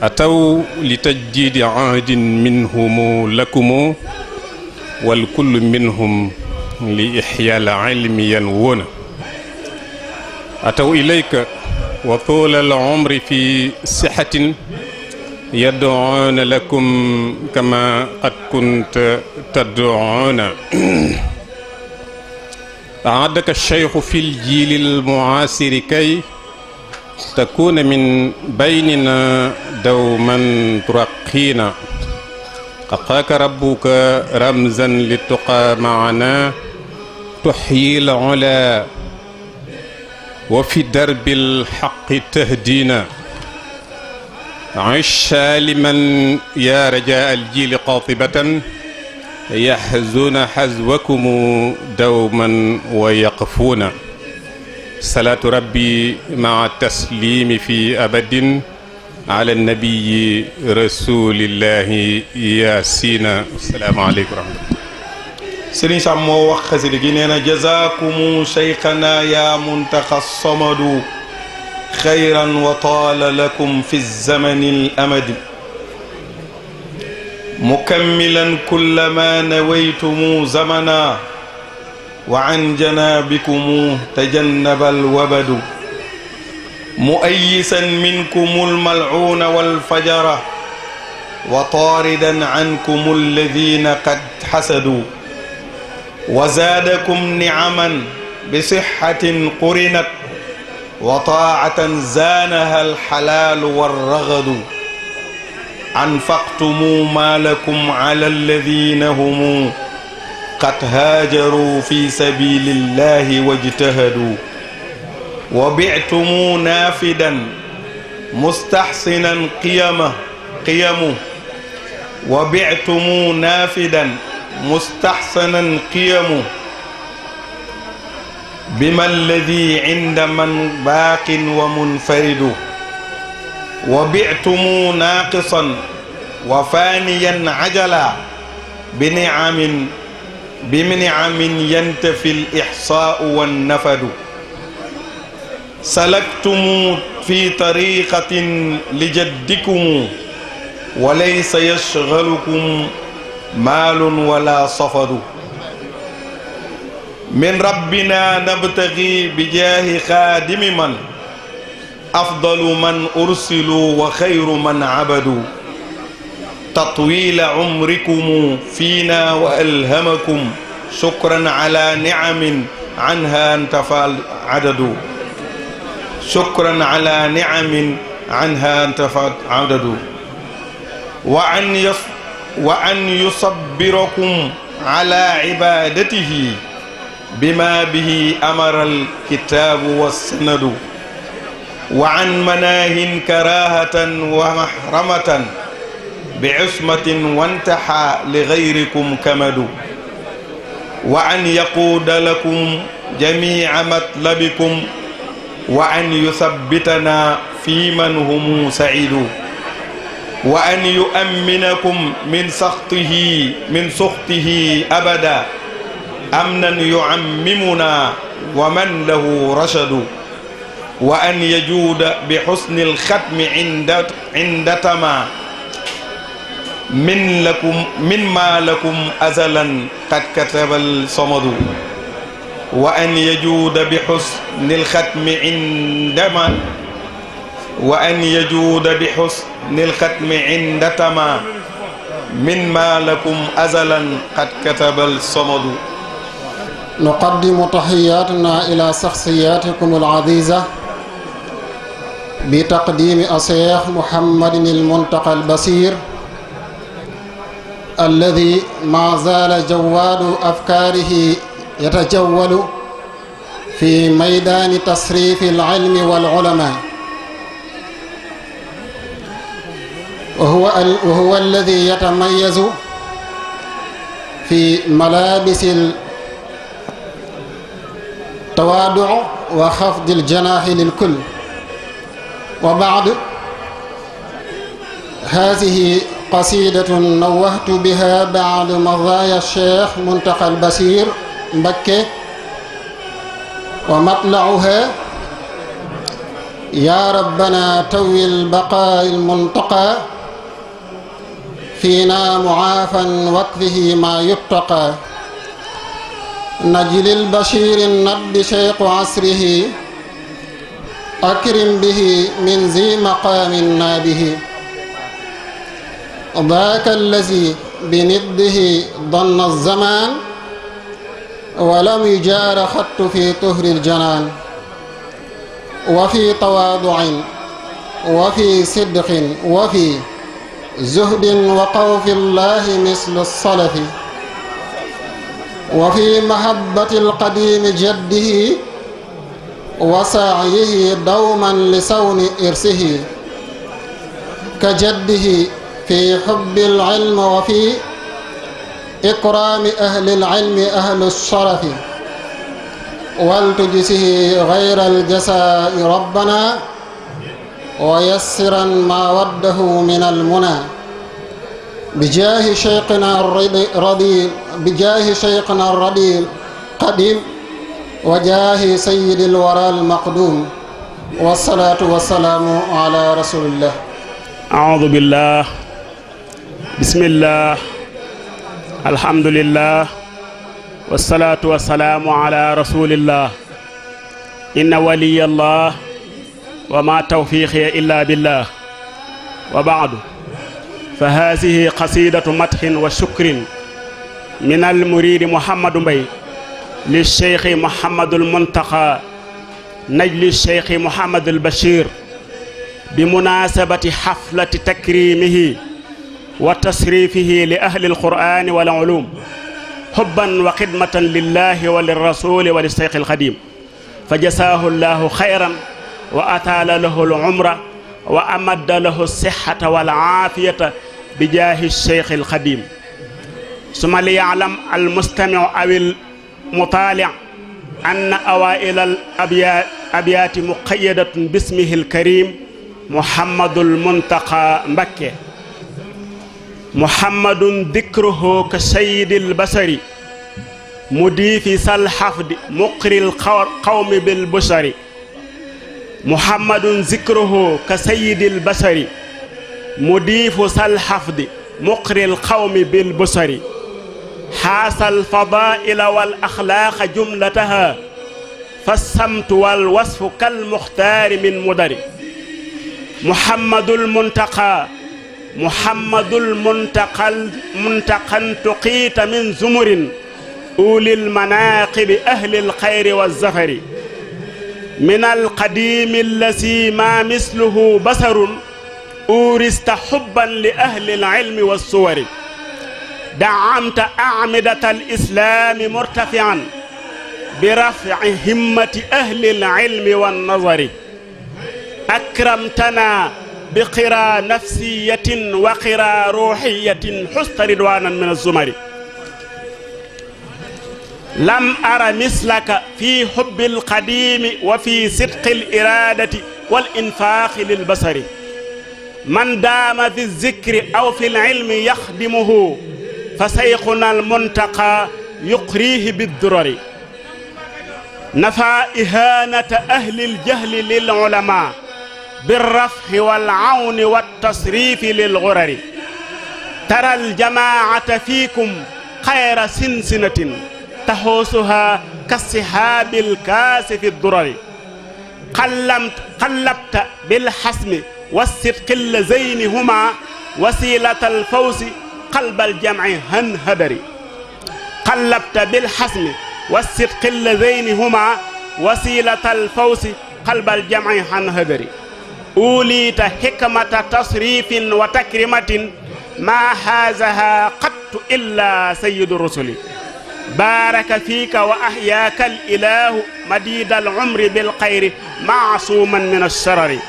ataw li tajdiidi ahdin minhumu lakumu wal kullu minhum li ixyaal ilmiyan woona ataw ilayka wa tuula al umri fi sixatin yadduuna lakum kama qad kunta tadduuna أعدك الشيخ في الجيل المعاصر كي تكون من بيننا دوما ترقينا قاك ربك رمزا للتقى معنا تحيي العلا وفي درب الحق تهدينا عش سالما يا رجاء الجيل قاطبة yaxzuuna xazwakumu dawman wa yaqfuuna salaatu rabbi maa tasliimi fi abadin ala nabiyi rasulillahi yaasiina asalaamaaleykum wa rahmatullah sëriñ Sam moo wax xasida gi nee na jazaakumu cheikhana yaa muntaxa samadu xayran wa taala lakum fi zamani al amadi mukammilan kulla ma nawaytumu zamana wa an janabikumu tajannabal wabadu muayyisan minkumu almalcuuna walfajara wa taaridan cankumu alladina qad xasaduu wa zaadakum nicaman bisixatin qurinat wa taacatan zaanaha alxalaalu walragadu anfaqtumu maalakum ala alladina humu qad haajaru fi sabilillahi wajtahadu wa bictumu naafidan mustaxsinan qiyama qiyamu wa bictumu naafidan mustaxsinan qiyamu bima alladi cinda man baaqin wa munfaridu wa bitumu naaqisan wa faaniyan ajala bi niamin bi niamin yantafi l ixsaau wannafadu salaktumu fi tariqatin li jaddikumu wa laysa yashgalukum maalun wala safadu min rabbina nabtagi bi jaahi xaadimi man afdalu man ursilu wa xayru man abadu tatwila umrikumu fiina wa alhamakum shukran ala niamin anha antafa adadu shukran ala niamin anha antafa adadu wa an yus wa an yusabbirakum ala ibadatihi bima bihi amara alkitaabu wassanadu wa an manaahin karahatan wa mahramatan bi usmatin wantaha li gayrikum kamadu wa an yaquuda lakum jamiica matlabikum wa an yuthabbitana fi man humu saidu wa an yuaminakum min saxtihi min suxtihi abada amnan yuammimuna wa man lahu rachadu wa an yajuuda bi xusnil xatmi inda inda tama min lakum min maa lakum azalan qad katabal somadu wa an yajuuda bi xusnil xatmi indama wa an yajuuda bi xusnil xatmi inda tama min maa lakum azalan qad katabal somadu nuqaddimu taxiyaatana ila saxsiyaatikum al-aziza بتقديم الشيخ محمد المنتقى البصير الذي ما زال جوال أفكاره يتجول في ميدان تصريف العلم والعلماء وهو, ال وهو الذي يتميز في ملابس التواضع وخفض الجناح للكل wa baad haadihi qasidatun nawwahtu biha baad madaaya cheikh muntaqa albasir mbakke wa matlauha ya rabbana tawi albaqaai almuntaqa fiina muaafan wakfihi ma yuttaqa najlil bashirin nabbi cheikhu asrihi أكرم به من ذي مقام نابه ذاك الذي بنده ضن الزمان ولم يجار خط في طهر الجنان وفي تواضع وفي صدق وفي زهد وقوف الله مثل الصلف وفي محبة القديم جده وسعيه دوما لصون إرسه كجده في حب العلم وفي إكرام أهل العلم أهل الشرف والتجسه غير الجساء ربنا ويسرا ما وده من المنى بجاه شيخنا الرضي بجاه شيخنا الرضي قديم wajaahi sayyidil waral maqduum wasalaatu wasalaamu ala rasulillah. aawudu billah bismillah alhamdulillah wasalaatu wasalaamu ala rasulillah. inna waliyallah wa ma tawfiiqi illa billah wa baadu fa haasihi qasidatu matxin wa shukrin min almuridi Mouhamadou Mbaye li cheikhi Mouhamadul Muntaxa najli cheikhi Mouhamadul Bachir bi munaasabati xaflati takrimihi wa tasrifihi li ahli alqur'ani wal ulum xubban wa xidmatan lillahi wa lirrasuli wa li cheikhi alxadim fa jasaahu llahu xayran wa ataala lahu alumra wa amadda lahu sixata wal aafiyata bi jaahi cheikhi alxadim suma li yaalam almustamiu awil mutaali' anna awaa'ila al abyaati muqayyadatun bismihi muhammadul muntaqa mbakke muhammadun dikruhu ka sayyidil basari mudiifi sal muqril qawmi bil busari muhammadun zikruhu ka sayyidil basari mudiifu sal muqril qawmi bil busari xaasa alfadaila wal axlaaqa jumlataha fa samtu wal wasfu kal muxtaari min mudari muhammadul muntaqa muhammadul muntaqal muntaqan tuqiita min zumurin ulil manaaqibi ahlil xayri wa zafari min alqadiimi allasi maa misluhu basarun uurista xubban li ahlil ilmi wa suwari daamta amidata al islaami murtafian bi rafci himmati ahli al ilmi wannazari akramtana bi qiraa nafsiyatin wa qiraa ruuxiyatin xusta ridwanan min azumari lam ara mislaka fi xubbi alqadimi wa fi sidqi aliradati walinfaaqi lilbasari man daama fi lzikri aw fi lilmi yaxdimuhu fa sayxuna al muntaqa yuqriihi biddurari nafa ihanata ahlil jahli lil ulama birrafhi wal awni wat tasrifi lil gurari taral jamaata fiikum xayra sinsinatin taxuusuha kasihaabil kaasifi durari xallam xallabta bil xasmi wasit xilla zeynihuma wasilatal fawsi xalbal jamci han hadari xallabta bilxasmi wassidqi lazayni huma wasilata alfawsi xalbal jamci han hadari uuliita xikmata tasrifin wa takrimatin maa haazaha qattu illa sayidu rusuli baaraka fiika wa ahyaaka al ilahu madiida al umri bilxayri maasuman min alsharari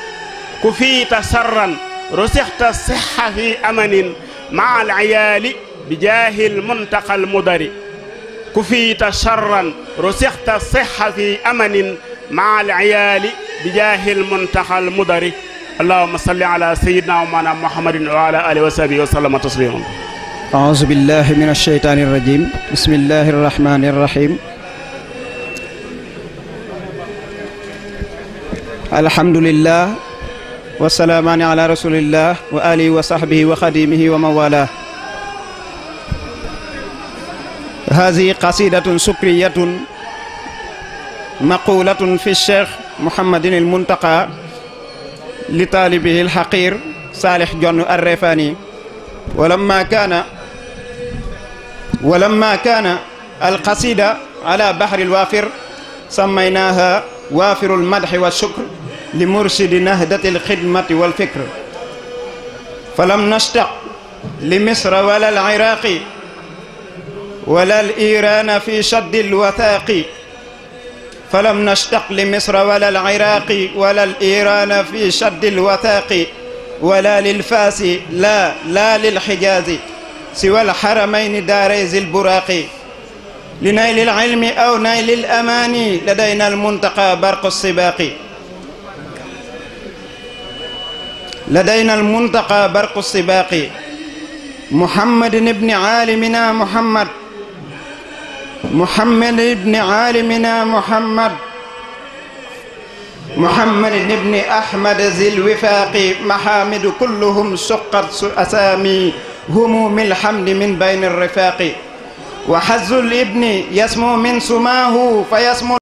ku fiita sarran rusixta sixxa fi amanin maa al ayaali bi jaahil muntaqal mudari kufiita charran rusixta sixa fi amanin maa al ayaali bi jaahil muntaqal mudari allahuma salli ala sayidina wa maana muhammadin wa ala alihi wa sahbihi wa sallama tasliman أعوذ بالله من الشيطان الرجيم بسم الله الرحمن الرحيم الحمد لله wasalaamaani ala rasulillah wa alihi wa sahbihi wa xadimihi wa mawala haadihi qasidatun sukriyatun maqulatun fi cheikh muhammadin il muntaqa li taalibihi l xaqir saalih jonn arrefaani walamma kaana walamma kaana alqasida ala bahri lwaafir sammaynaha waafiru lmadxi wa shukr li mursidi nahdatil xidmati wal fikr falam nashtaq li misra wala al iraqi wala al irana fi shaddi al wathaqi falam nashtaq li misra wala al iraqi wala al irana fi shaddi al wathaqi wala lil faasi la la lil xijaazi siwa al xaramayni daaray zil buraaqi li naylil ilmi aw naylil amaani ladaynal muntaqa barqu sibaaqi لدينا المنتقى برق السباق محمد بن عالمنا محمد محمد بن عالمنا محمد محمد بن أحمد ذي الوفاق محامد كلهم سقط أسامي هموم الحمد من بين الرفاق وحز الابن يسمو من سماه فيسمو